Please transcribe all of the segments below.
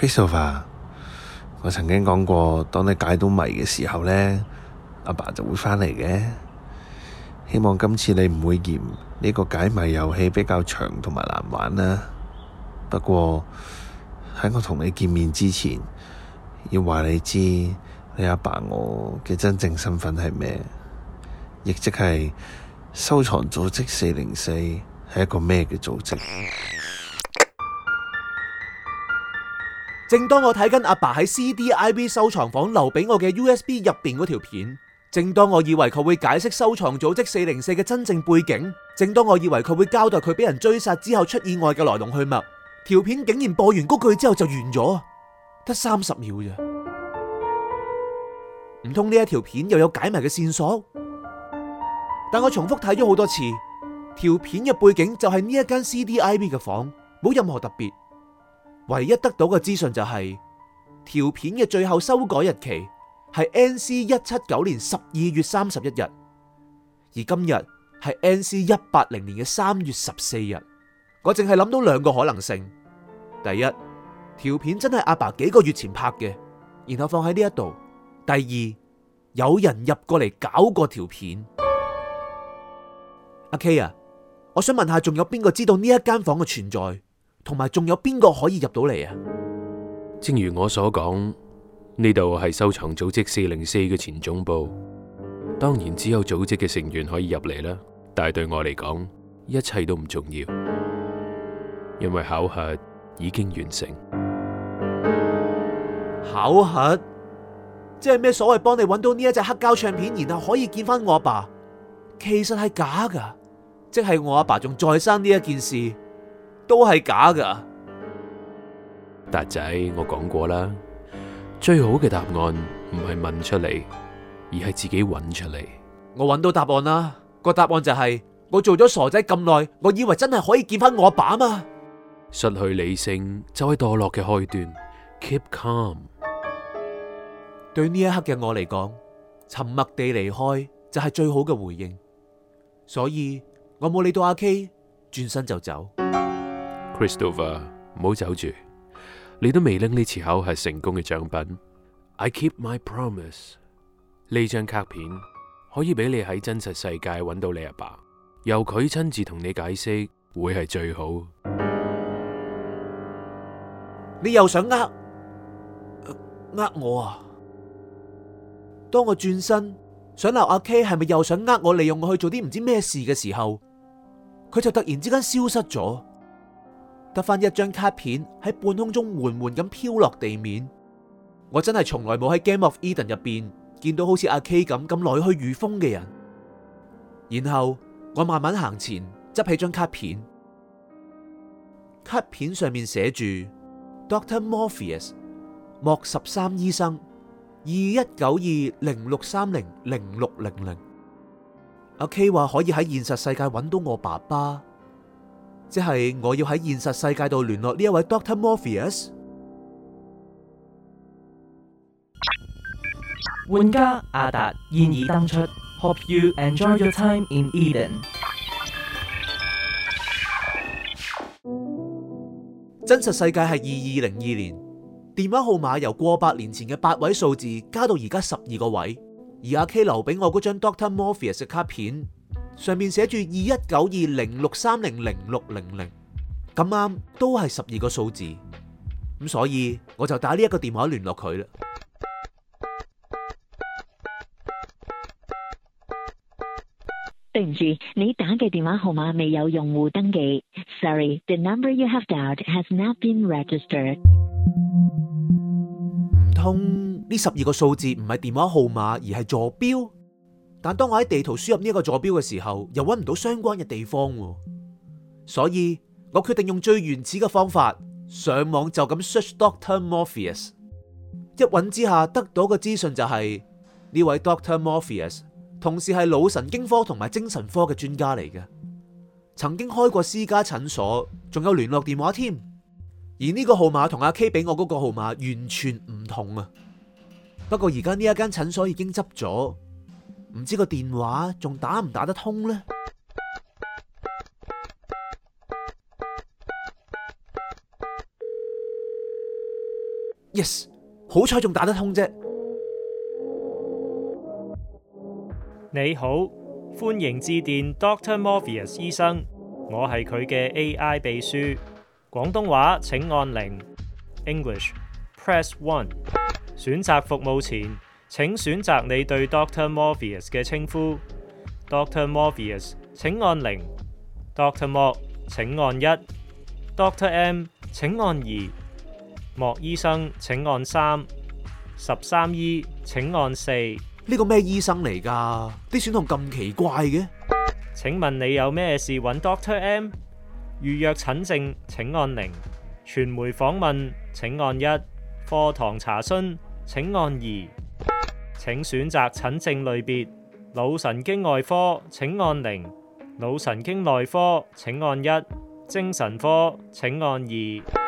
Christopher，我曾經講過，當你解到謎嘅時候咧，阿爸，爸就會返嚟嘅。希望今次你唔會嫌呢個解謎遊戲比較長同埋難玩啦。不過喺我同你見面之前，要話你知，你阿爸，爸我嘅真正身份係咩，亦即係收藏組織四零四係一個咩嘅組織。正當我睇緊阿爸喺 CDIV 收藏房留俾我嘅 USB 入邊嗰條片，正當我以為佢會解釋收藏組織四零四嘅真正背景，正當我以為佢會交代佢俾人追殺之後出意外嘅來龍去脈，條片竟然播完嗰句之後就完咗，得三十秒咋？唔通呢一條片又有解謎嘅線索？但我重複睇咗好多次，條片嘅背景就係呢一間 CDIV 嘅房，冇任何特別。唯一得到嘅資訊就係、是、條片嘅最後修改日期係 N.C. 一七九年十二月三十一日，而今日係 N.C. 一八零年嘅三月十四日。我淨係諗到兩個可能性：第一，條片真係阿爸，爸幾個月前拍嘅，然後放喺呢一度；第二，有人入過嚟搞過條片。阿 K、okay、啊，我想問一下，仲有邊個知道呢一間房嘅存在？同埋仲有邊個可以入到嚟啊？正如我所講，呢度係收藏組織四零四嘅前總部，當然只有組織嘅成員可以入嚟啦。但係對我嚟講，一切都唔重要，因為考核已經完成。考核？即係咩所謂幫你揾到呢一隻黑膠唱片，然後可以見返我阿爸，其實係假㗎，即係我阿爸仲在生呢一件事。都係假噶，達仔，我講過啦，最好嘅答案，唔係問出嚟，而係自己揾出嚟。我揾到答案啦，個答案就係：我做咗傻仔咁耐，我以為真係可以見翻我阿爸嘛。失去理性就係墮落嘅開端。Keep calm。對呢一刻嘅我嚟講，沉默地離開就係最好嘅回應。所以我冇理到阿 K，轉身就走。Christopher，唔好走住，你都未拎呢次考核成功嘅獎品。I keep my promise，呢張卡片可以俾你喺真實世界搵到你阿爸，爸，由佢親自同你解釋會係最好。你又想呃呃我啊？當我轉身想鬧阿 K 係咪又想呃我，利用我去做啲唔知咩事嘅時候，佢就突然之間消失咗。得翻一張卡片喺半空中緩緩咁飄落地面，我真係從來冇喺 Game of Eden 入邊見到好似阿 K 咁咁來去如風嘅人。然後我慢慢行前，執起張卡片，卡片上面寫住 Dr Morpheus 莫十三醫生二一九二零六三零零六零零。阿 K 話可以喺現實世界揾到我爸爸。即係我要喺現實世界度聯絡呢一位 Doctor Morpheus。玩家阿達現已登出。Hope you enjoy your time in Eden。真實世界係二二零二年，電話號碼由過百年前嘅八位數字加到而家十二個位，而阿 K 留俾我嗰張 Doctor Morpheus 嘅卡片，上面寫住二一九二零六三零零六零零，咁啱都係十二個數字，咁所以我就打呢一個電話聯絡佢啦。對唔住，你打嘅電話號碼未有用戶登記，Sorry，the number you have dialed has not been registered。唔通呢十二個數字唔係電話號碼而係坐標？但當我喺地圖輸入呢個坐標嘅時候，又揾唔到相關嘅地方，所以我決定用最原始嘅方法上網就咁 search Doctor Morpheus。一揾之下得到嘅資訊就係，呢位 Doctor Morpheus，同時係腦神經科同埋精神科嘅專家嚟嘅，曾經開過私家診所，仲有聯絡電話添。而呢個號碼同阿 K 俾我嗰個號碼完全唔同啊！不過而家呢一間診所已經執咗。唔知個電話仲打唔打得通呢？Yes，好彩仲打得通啫。你好，歡迎致電 Dr. Morpheus 醫生，我係佢嘅 AI 秘書。廣東話請按零，English press one，選擇服務前。請選擇你對 Dr Morpheus 嘅稱呼。Dr Morpheus，請按零。Dr Mok，請按一。Dr M，請按二。莫醫生，請按三。十三醫，請按四。呢個咩醫生嚟㗎？啲選項咁奇怪嘅？請問你有咩事搵 Dr M？預約診症，請按零。傳媒訪問，請按一。課堂查詢，請按二。請選擇診症類別：腦神經外科，請按零；腦神經內科，請按一；精神科，請按二。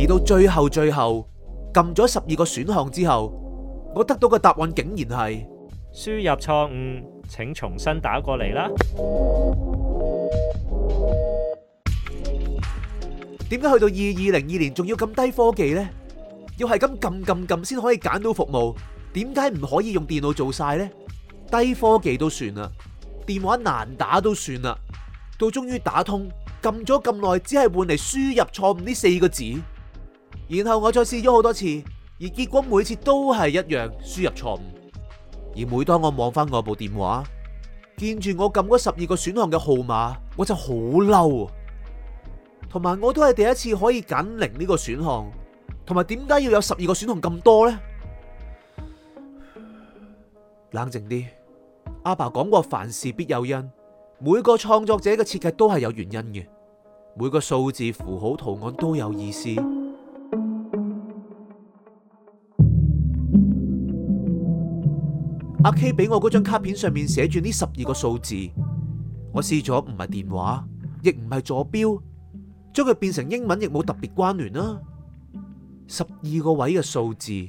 而到最後，最後撳咗十二個選項之後，我得到嘅答案竟然係輸入錯誤，請重新打過嚟啦。點解去到二二零二年仲要咁低科技呢？要係咁撳撳撳先可以揀到服務，點解唔可以用電腦做晒呢？低科技都算啦，電話難打都算啦，到終於打通，撳咗咁耐，只係換嚟輸入錯誤呢四個字。然後我再試咗好多次，而結果每次都係一樣輸入錯誤。而每當我望翻我部電話，見住我撳嗰十二個選項嘅號碼，我就好嬲。同埋我都係第一次可以揀零呢個選項。同埋，點解要有十二個選項咁多呢？冷靜啲，阿爸講過凡事必有因，每個創作者嘅設計都係有原因嘅，每個數字、符號、圖案都有意思。阿 K 俾我嗰張卡片上面寫住呢十二個數字，我試咗唔係電話，亦唔係坐標，將佢變成英文亦冇特別關聯啊。十二個位嘅數字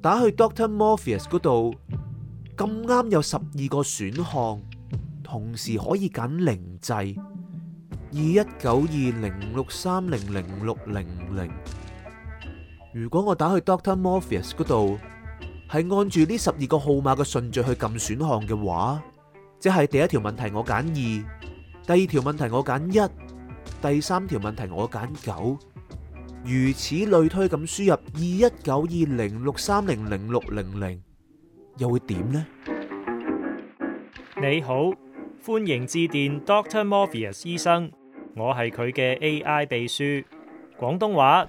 打去 Doctor Morpheus 嗰度，咁啱有十二個選項，同時可以揀零制二一九二零六三零零六零零。如果我打去 Doctor Morpheus 嗰度，係按住呢十二個號碼嘅順序去撳選項嘅話，即係第一條問題我揀二，第二條問題我揀一，第三條問題我揀九。如此類推咁輸入二一九二零六三零零六零零，又會點呢？你好，歡迎致電 Dr. Morpheus 醫生，我係佢嘅 AI 秘書，廣東話。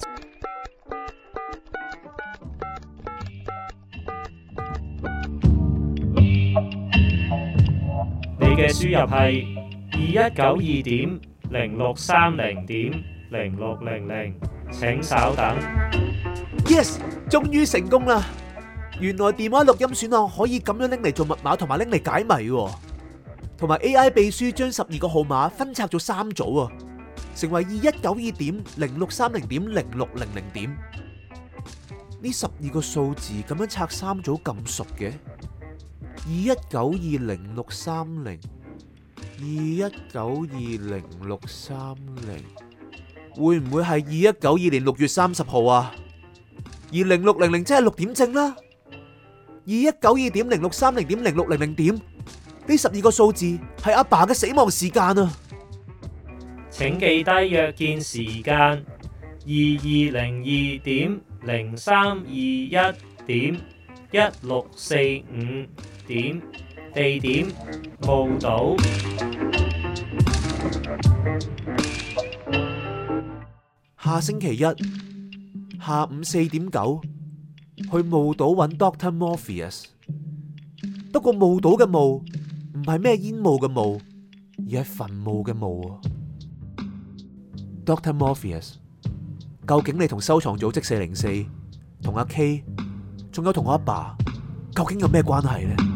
你嘅輸入係二一九二點零六三零點零六零零。請稍等。Yes，終於成功啦！原來電話錄音選項可以咁樣拎嚟做密碼，同埋拎嚟解謎。同埋 AI 秘書將十二個號碼分拆咗三組啊，成為二一九二點零六三零點零六零零點。呢十二個數字咁樣拆三組咁熟嘅，二一九二零六三零，二一九二零六三零。會唔會係二一九二年六月三十號啊？而零六零零即係六點正啦。二一九二點零六三零點零六零零點，呢十二個數字係阿爸嘅死亡時間啊！請記低約見時間：二二零二點零三二一點一六四五點地點：霧島。下星期一下午四點九去墓島揾 Doctor Morpheus。島的不過墓島嘅墓唔係咩煙霧嘅霧，而係墳墓嘅墓啊。Doctor Morpheus，究竟你同收藏組織四零四，同阿 K，仲有同我阿爸,爸，究竟有咩關係咧？